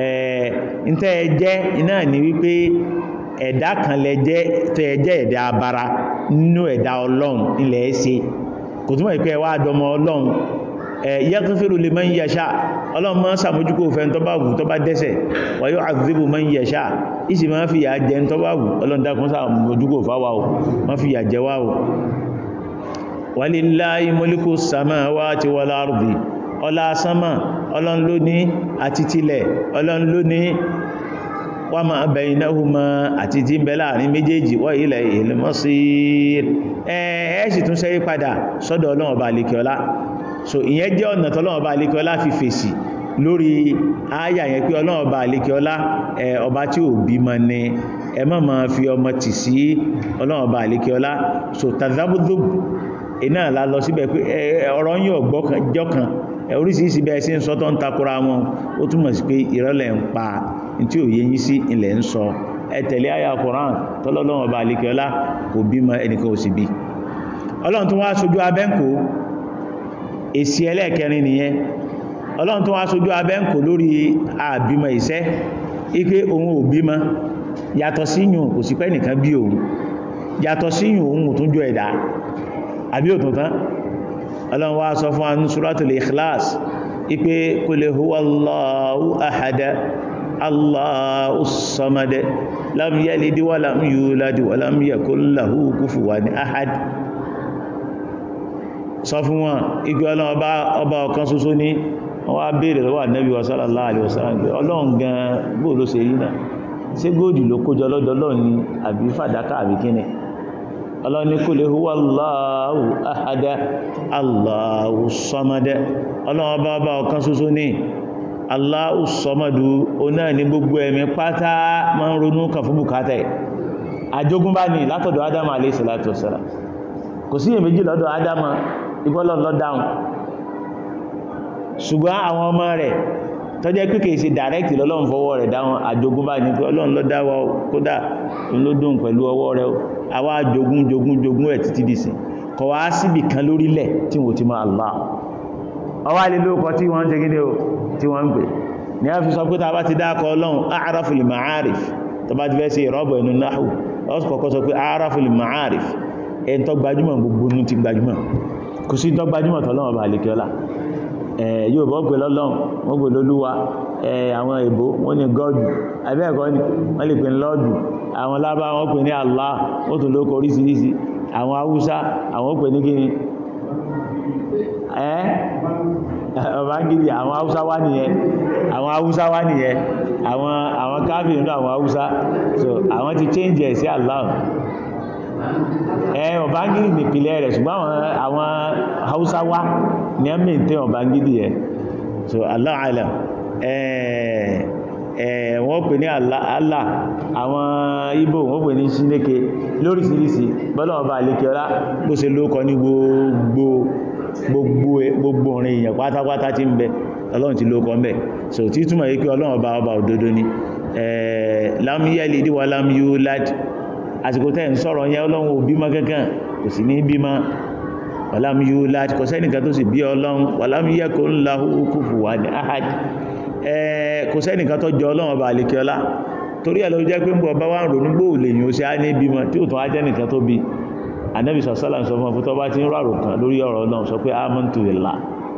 ẹ̀ẹ́ ń tẹ́ ẹ jẹ́ iná ní wípé ẹ̀dá kan lẹ jẹ́ tó ẹ jẹ́ ẹ̀dá abara nínú ẹ̀dá ọlọ́run ilẹ̀ ẹ ṣe kò túnmọ̀ ìpé ẹwà àdọmọ ọlọ́run yaghfiru liman yasha ọlọ́run máa sàmójúkò fẹ́ tó bá wù tó bá dẹ́sẹ̀ wa yu'adhibu man yasha ìsì máa fìyà jẹ tó bá wù ọlọ́run dákun sàmójúkò fáwà ò máa fìyà jẹ wá ò walillahi mulku samawati wal ardi ọlá sánmà ọlọ́run àti tilẹ̀ ọlọ́run wa ma baynahuma àti tí ń bẹ láàrin méjèèjì wa ilayhil masir ẹ sì tún ṣẹ́rí padà sọ́dọ̀ Ọlọ́run Ọba àlekẹ́ọlá so ìyẹn jẹ́ ọ̀nà tọ́lọ́run Ọba àlekẹ́ọlá fi fèsì lórí ááyà yẹn pé Ọlọ́run Ọba àlekẹ́ọlá ọba tí ò bímọ ni ẹ má ma fi ọmọ tì sí Ọlọ́run Ọba àlekẹ́ọlá so tazabudub iná la lọ síbẹ̀ pé ọ̀rọ̀ yín ọ̀gbọ́jọ́ kan orisi bẹ́ẹ̀ sí ń sọ tó ń takora wọn ó túmọ̀ sí pé ìrọ́lẹ̀ ń pa tí ò yé yín sí ilẹ̀ ń sọ ẹ tẹ̀lé àyà Koran tọ́lọ́lọ́wọ̀n bá alikẹ́ọ́lá kò bímọ ẹnìkan ò sì bí ọlọ́run tó wá sojú abẹ́ǹkó èsì ẹlẹ́ẹ̀kẹrin nìyẹn ọlọ́run tó wá sojú abẹ́ǹkó lórí àbímọ ìṣẹ́ ike òun ò bímọ yàtọ̀ kò sí pẹ́ nìkan bí òun ọlọ́run wá sọ fún anú suratul ikhlas ipé qul huwallahu ahad allahus samad lam yalid wa lam yulad wa lam yakul lahu kufuwan ahad sọ fún wọn igi ọlọ́run ọba ọ̀kan ṣoṣo ní wọ́n wá bèèrè lọ́wọ́ ọlọ́ni kúlè huwa Allahu ahada Allahu samada ọlọ́wọ́ bá bá ọ̀kan ṣoṣo ní Allahu samadu o náà ní gbogbo ẹ̀mí pátá ma ń ronú kan fún bukata ẹ̀ àjogúnbá ní látọ̀dọ̀ Adam alayhi salatu wassalam kò sí tó jẹ́ pé kìí ṣe direct lọ́lọ́run fọwọ́ rẹ̀ dáhùn àjogúnbá ní pé ọlọ́run ló dá wa kódà ló dùn pẹ̀lú ọwọ́ rẹ̀ àwa jogún jogún jogún ẹ̀ títí dìsìn kò wá síbì kan lórílẹ̀ tí wò ti máa Allah ọwá ilé lóòkọ́ tí wọ́n ń jẹ gídé o tí wọ́n ń pè ní a fi sọ pé ta bá ti dákọ ọlọ́run arafil ma'arif tó bá ti fẹ́ sí ìrọ́bọ̀ inú náà ọ́sùkọ̀kọ́ sọ pé arafil ma'arif ẹn tó gbajúmọ̀ gbogbo ní ti gbajúmọ̀ kò sí tó gbajúmọ̀ tọ́lọ́run ọba àlekẹ́ọ́lá Eh, Yorùbá ó pè lọ́lọ́run wọ́n pè lólúwa eh, àwọn èèbó wọ́n ní gọ́ọ̀dù àbí ni wọ́n lè pè lọ́ọ̀dù àwọn lárúbáwá wọ́n pè ní Allah wọ́n tún lóko oríṣiríṣi àwọn haúsá àwọn ó ní kíni eh? ọ̀bángídì àwọn haúsá wá nìyẹn àwọn haúsá wá nìyẹn àwọn káfíìn àwọn haúsá change ẹ̀ sí Allah ẹ ọ̀bángídì nìpìlẹ̀ rẹ̀ ṣùgbọ́n àwọn haúsá wá ní ẹ́mì tẹ́ ọ̀bángídì ẹ̀ so Allahu alam wọ́n pè ní Allah àwọn Ìgbò wọ́n pè ní Ṣínéke lóríṣiríṣi bọ́lá ọba àlekẹ́ ọlá bó ṣe lóókọ ní gbogbo gbogbo orin èèyàn pátápátá tí ń bẹ ọlọ́run ti lóókọ ń bẹ so tí túmọ̀ yí pé ọlọ́run ọba ọba òdodo ni lam yalid wa lam yulad àsìkò tẹ́ ń sọ̀rọ̀ yẹn ọlọ́run ò bímọ kankan kò sì ní bímọ wàlámù yóò láti kọ sẹ́nìkan tó sì bí ọlọ́run wàlámù yẹ kó ńlá kúfù wà ní ahad kò sẹ́nìkan tó jọ ọlọ́run ọba àlekè ọlá torí ẹ̀ ló jẹ́ pé ń bọ̀ bá wà ń ronú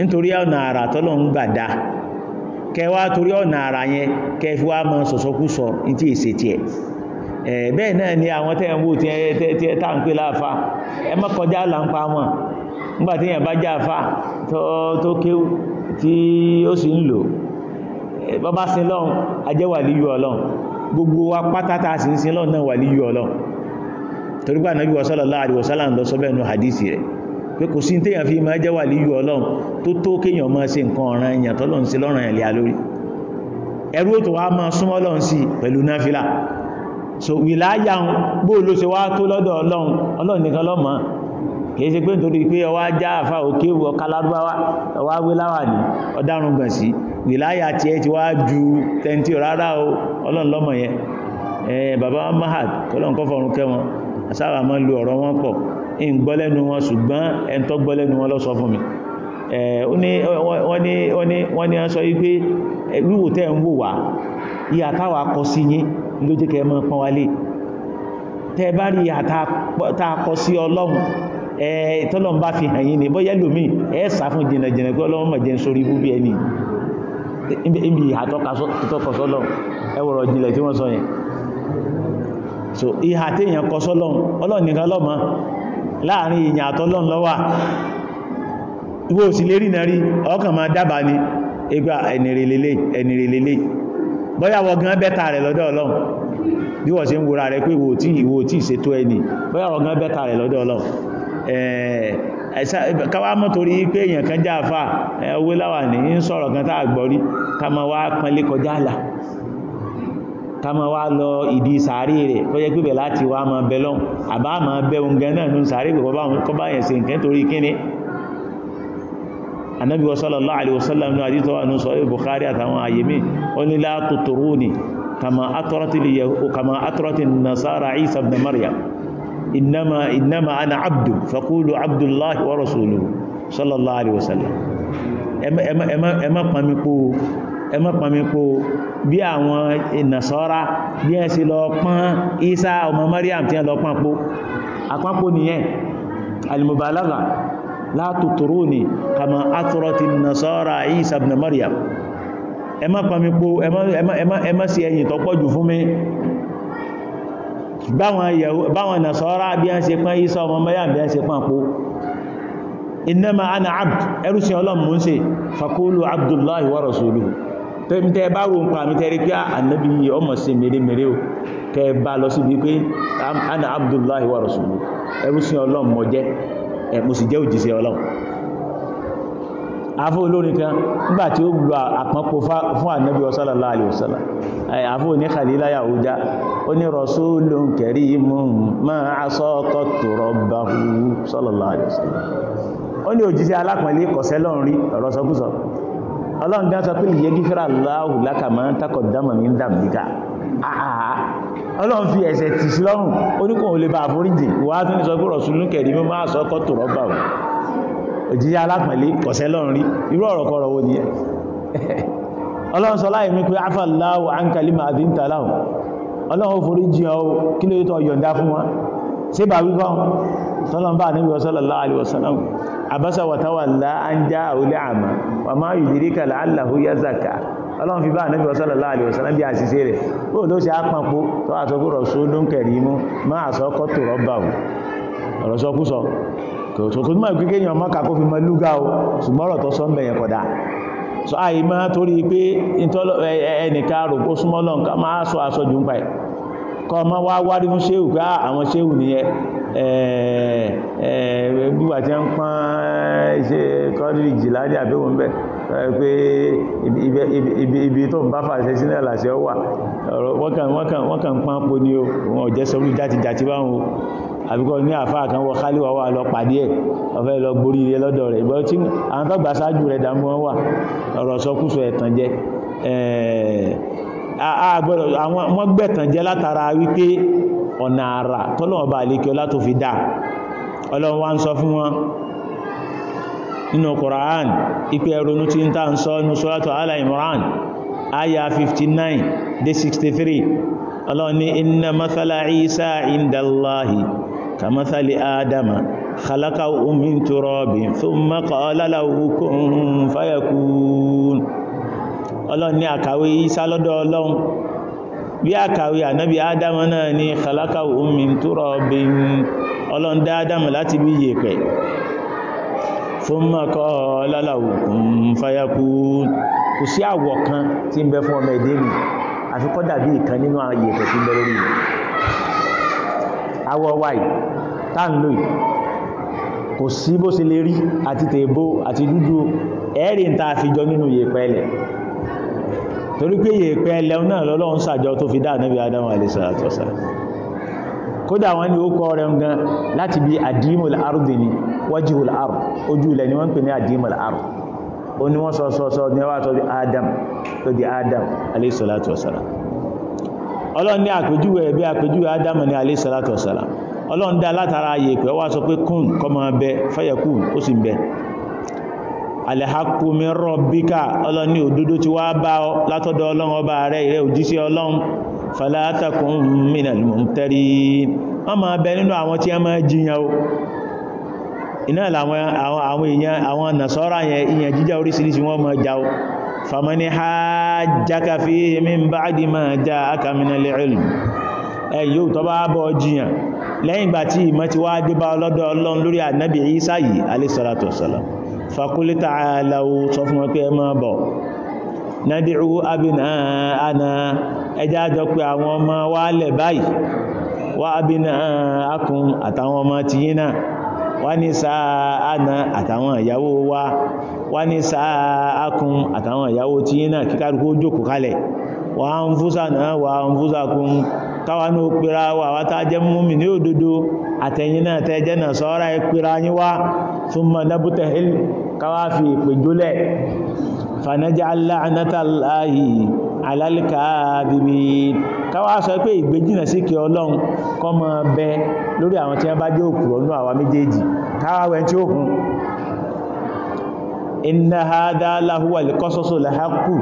nítorí ọ̀nà àrà tọ́lọ̀ ń gbà dáa kẹwa torí ọ̀nà àrà yẹn kẹfí nti mọ́ sọ̀sọ́kúsọ tí èsè ni àwọn tẹ́ẹ̀wò tí ẹ tá ń pè láàfà ẹ má kọjá láǹpa wọn nígbàtí èèyàn bá já àfà tó kéwù tí ó sì ń lò bọ́bá gbogbo wa pátátá ń sin lọ́n náà wà líyú ọlọ́n torípà náà bí ń lọ hadisi pé kò sí téèyàn fi máa jẹ́ wàlíyù ọlọ́run tó tó kéèyàn máa ṣe nǹkan ọ̀ràn èèyàn tọ́lọ̀ ń ṣe lọ́rùn ẹ̀lẹ́ lórí ẹrú ètò wa máa súnmọ́ ọlọ́run sí pẹ̀lú náfìlà so wìláyà ń gbóò ló ṣe wá tó lọ́dọ̀ ọlọ́run ọlọ́run nìkan lọ́mọ kìí ṣe pé nítorí pé ọwá já àfà òkè ọ̀ká lárúbáwá ọwá wé láwà ní ọ̀darùn gbọ̀n sí wìláyà tí ẹ ti wá ju tẹ́ntì rárá ọlọ́run lọ́mọ yẹn bàbá mahad ọlọ́run kọ́fọ̀rún kẹ́ wọn sáwà máa lu ọ̀rọ̀ wọn pọ̀ in gbọ́lẹ́nu wọn ṣùgbọ́n ẹn tó gbọ́lẹ́nu wọn ló sọ fún mi wọ́n ní sọ wípé wíwò tẹ́ ń wò wá ìyà táwa kọ sí yín ló jẹ́ kẹ́ mọ́ pọ́n wálé tẹ́ bá rí ìyà tá a kọ sí ọlọ́run tọ́lọ́run bá fi hàn yín ni bóyá lómi ẹ̀ sá fún jìnnà jìnnà pé ọlọ́run mọ̀ jẹ́ ń sórí ibú bí ẹni ibi ìhà so ihe tí èyàn kọ sọ́lọ́run ọlọ́run lọ́mọ láàrin èyàn àtọ́lọ́run lọ́wà òsì lérí náà ọkàn máa dábàá ni ẹgbà bọ́yá wọ́gán bẹ́ta rẹ̀ lọ́dọ̀ bí wọ́n ń rẹ̀ pé ìwò tí ìṣètò ẹni bọ́yá wọ́gán bẹ́ta rẹ̀ lọ́dọ̀ ọlọ́run káwá mọ́ torí pé èèyàn kan jáfà owó láwà ní sọ̀rọ̀ kan táà gbọ́rí ká ká máa wá lọ ìdí sàárè rẹ̀ tó jẹ́ pípẹ̀ láti wá máa bẹ lọ́n àbá máa bẹ ohun gan náà nínú sàárè pẹ̀lú báwọn kọ́ bá yẹn ṣe nǹkan torí kíni anábì sallallahu alaihi wasallam ní àdítọ́ àánú sọ Bukhari àtàwọn àyè mí ó la tuturuni kama atọ́rọ̀tì nasara Isa ibn Maryam innama innama ana abdu faqulu abdullahi wa rasuluhu sallallahu alaihi wasallam ẹ má pàmí pòó ẹ má pọnmi po bí àwọn ìnàsọ́ra bí ẹ sì lọ pọ́n Isa ọmọ Maryam tí ẹ lọ pọ́n po àpapọ̀ nìyẹn alìmọ̀bàlága látòtòrò ní kàmà àtọrọ ti nàsọ́ra Isa ibn Maryam ẹ má pọnmi po ẹ má sí ẹyìn tọ́pọ̀ jù fún mi báwọn nàsọ́ra bí ẹ sì pọ́n Isa ọmọ Maryam bí ẹ sì pọ́n po ana abd ẹrùsìn ọlọ́mù ń ṣe fakulu abdullahi wa rasuluhu tẹ́ bá ro nǹkan àmì tẹ́rí pé ah, ànábì ọmọ sí mèremère o kẹ́ bá lọ síbi pé ana abdullahi wa rasulu ẹrú sí ọlọ́run mọ jẹ́ mo jẹ́ òjìṣẹ́ ọlọ́run afọ́ olórin kan nígbà tí ó gbọ́ àpapọ̀ fún ànábì sallallahu alaihi wasallam ọlọ́run dá sọ pé lè yẹ gífẹ́rà aláhùn lákàmọ́ takọ̀ dámọ̀ ní dàmdíkà ọlọ́run fi ẹ̀sẹ̀ tì sí lọ́rùn oníkùn ò lè bá àforíjì wà á tún sọ pé rọ̀sùnú kẹ̀rí mú máa sọ ọkọ̀ tó rọ́bà ò òjíyá alápẹ̀lẹ́ kọ̀sẹ́ lọ́run rí irú ọ̀rọ̀ kọ̀rọ̀ wo nìyẹn ọlọ́run sọ láì mí pé afàláwò ankalima àdíntaláwò ọlọ́run foríjì ọ kí ló yọ̀ǹda fún wọn ṣé bàbí bá wọn tọ́lọ́mbà níbi ọ̀sọ́lọ́lá àlè ọ̀sọ́lọ́wò abasa wàtàwàlá an já àwúlé àmà wà máa yìí dìríkà láàláhú yá zaka ọlọ́run fi bá ànábì sallallahu alaihi wasallam bí àṣìṣe rẹ̀ ó ló ṣe ápapọ̀ tó àsọkúrọ̀ sódó ń kẹ̀rí mú má àsọkọ́ tó rọ́bà ò ọ̀rọ̀ sọkúsọ kò tó kúrò mọ̀ pé kéèyàn mọ́ka kó fi mọ lúgà o ṣùgbọ́n ọ̀rọ̀ tó sọ ń bẹ̀yẹn kọ̀dà so àyè máa torí pé ẹnìkan rò súnmọ́ lọ́n ká sọ àsọjù ń pa ẹ̀ kọ́ ọmọ wá wárí fún ṣéhù pé àwọn ṣéhù nìyẹn gbígbà tí ń pọ́n ṣe kọ́dírì jìlá ní àbẹ́wò ń bẹ̀ pé ibi tó ń bá fàṣẹ sílẹ̀ làṣẹ wà wọ́n kàn pọ́n po ní o wọn ò jẹ́ sọ́rú játijáti báwọn o àbíkọ́ ní àfáà kan wọ kálíwà wà lọ pàdé ẹ̀ ọ̀fẹ́ lọ gborí ilé lọ́dọ̀ rẹ̀ ìbọn tí àwọn tó gbà ṣáájú rẹ̀ dàmú wọn wà ọ̀rọ̀ sọkúsọ ẹ̀tàn jẹ àgbọ̀dọ̀ àwọn wọ́n gbẹ̀tàn jẹ́ látara wípé ọ̀nà àrà tọ́lọ̀wọ̀n bá lè kí ọlá tó fi dá ọlọ́run wá ń sọ fún wọn nínú Qur'an ipé ẹronú tí ń tà ń sọ ní Suratu Ala Imran 59 dé 63 ọlọ́run ní inna ọlọ́run ní àkàwé Ìsá lọ́dọ̀ ọlọ́run bí àkàwé ànábì ádámà náà ní khalaqahu min turabin ọlọ́run dá ádámà láti bí yèèpẹ̀ thumma qala lahu kun fayakun kò sí àwọ̀ kan tí ń bẹ fún ọmọ ẹ̀dẹ́ mi àfi kó dàbí ìkan nínú yèèpẹ̀ tí kò sí bó ṣe lè rí àti tèbó àti dúdú ẹ̀ẹ́rì àfijọ́ nínú yèèpẹ̀ lẹ̀ torí pé yèèpẹ̀ ẹlẹ́un náà lọ́lọ́run sàjọ tó fi dá Ànábì Ádámù alẹ́sàtọ̀sà kódà wọ́n ní ó kọ́ rẹ̀ gan láti bí àdímùl ardi ni wajhul ard ojú ilẹ̀ ni wọ́n ń pè ní àdímùl ard ó ní wọ́n sọ sọ sọ ní wá sọ di Adam tó di Adam alẹ́sàtọ̀sà ọlọ́run ní àpèjúwe ẹ̀bí àpèjúwe Adam ní alẹ́hàkú mi rọ̀ bíkà ọlọ́ni òdodo ti wá bá ọ látọ̀dọ̀ ọlọ́run ọba rẹ̀ ìrẹ́ òjíṣẹ́ ọlọ́run fàlátàkùn minal mumtari wọ́n máa bẹ nínú àwọn tí a máa jiyàn o iná àwọn èèyàn àwọn nàṣọ́rà yẹn ìyàn jíjà oríṣiríṣi wọ́n máa jà o famani hajjaka fi min ba'di ma ja'aka minal ilm ẹ yóò tọ́ bá bọ́ jiyàn lẹ́yìn ìgbà tí ìmọ̀ ti wá dé bá ọlọ́dọ̀ ọlọ́run lórí ànábì Ìsá yìí fàkúlítà aláwò sọ fún wọn pé ẹ na bọ̀ nádìrú abìnà àná ẹjá jọ pé àwọn ọmọ wa lẹ̀ báyìí wa abìnà akùn àtàwọn ọmọ ti yín náà wá ní sáà àná àtàwọn ìyàwó wa wá ní sáà akùn àtàwọn ti náà kíkàrùkú jókòó kalẹ̀ ń fúsà náà ń fúsà kún káwa ní ó pèrà wà wá tá jẹ́ múmi ní òdodo àtẹ̀yìn náà tẹ́ jẹ́ náà sọ́ọ́rá ẹ pèrà yín wá fún mọ̀ dábútẹ̀ hìl káwa fi ìpè jólẹ̀ fànájá aláàánátàláàyì alálìkàábìbì káwa lórí àwọn tí wọ́n bá jẹ́ òkúrọ̀ nú àwa méjèèjì káwa tí ó kún inna hada lahuwa likososo lahaku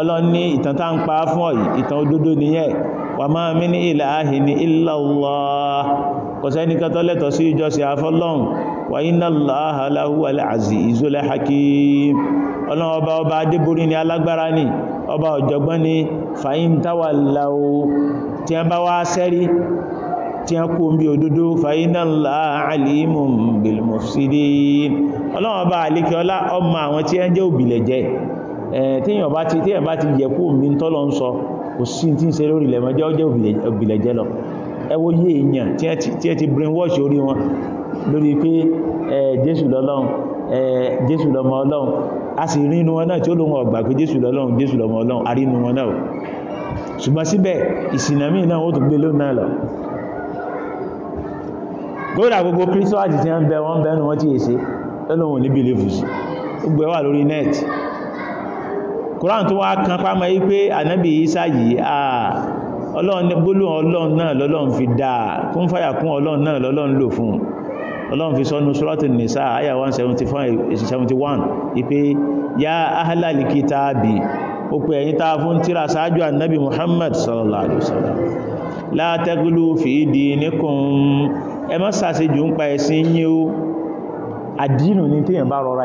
ọlọ́run ní ìtàn tá ń pa fún ọ̀yí ìtàn òdodo nìyẹn wà máa mí ní ilahi ní illa Allah kọ̀sẹ́ nìkan tó lẹ́tọ̀ sí ìjọsìn àfọ́lọ́run wà inna Allaha lahuwal azizul hakim ọlọ́run bá wá ọlá ọmọ àwọn tí a jẹ́ òbìlẹ̀ jẹ́ téèyàn bá ti téèyàn bá ti yẹ kó omi tọ́lọ ń sọ kò sí tí ń ṣe lórí ilẹ̀ mọ́jọ́ jẹ́ òbìlẹ̀jẹ́ lọ ẹ wo yé èèyàn tí ẹ ti brainwash orí wọn lórí pé jésù lọ́lọ́run jésù lọ́mọ ọlọ́run a sì rí inú wọn náà tí ó lóun ọgbà pé jésù lọ́lọ́run jésù lọ́mọ ọlọ́run a rí inú wọn náà ṣùgbọ́n síbẹ̀ ìsìnàmí náà ó tún gbé lóun náà lọ góòdà gbogbo kírísítọ́wà ti ti ń bẹ wọ́n bẹ́nu wọ́n lórí nẹ́ẹ̀tì koran tó wá kan pámọ́ yí pé ànábì Ìsá yìí àà ọlọ́run gbólóhùn ọlọ́run náà lọ́lọ́run fi dáa kún fàyà kún ọlọ́run náà lọ́lọ́run lò fún ọlọ́run fi sọ́nu suratul nisa àyà 171 ipé ya ahlal kitabi ó pé ẹ̀yin tá fún tírà sáájú annabi muhammad sallallahu alaihi la taglu fi dinikum ẹ má ṣàṣejù pa ẹ̀sìn yín o àdínù ní téèyàn bá rọra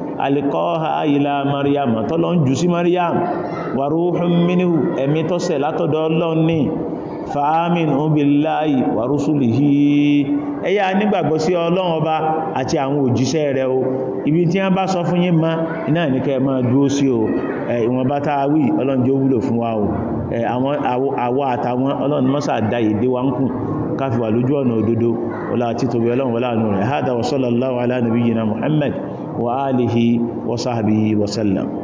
alikọ́ha ilá maryam tọ́lọ ń jù sí maryam wàrúhùn mínú ẹ̀mí tọ́sẹ̀ látọ̀dọ̀ ọlọ́run ní fàámìn billahi wàrúsùlìhí ẹ̀yà nígbàgbọ́ sí ọlọ́run ọba àti àwọn òjíṣẹ́ rẹ̀ o ibi tí wọ́n bá sọ fún yín ma iná ìníkẹ́ máa dúró sí o ìwọ̀n bá tá a wí ọlọ́run jẹ́ wúlò fún wa o àwọ àtàwọn ọlọ́run mọ́sà dá èdè wa ń kùn káfíwà lójú ọ̀nà òdodo ọlá títóbi ọlọ́run wọlá àánú rẹ̀ hádà wa sallallahu ala nabiyyina Muhammad وآله وصحبه وسلم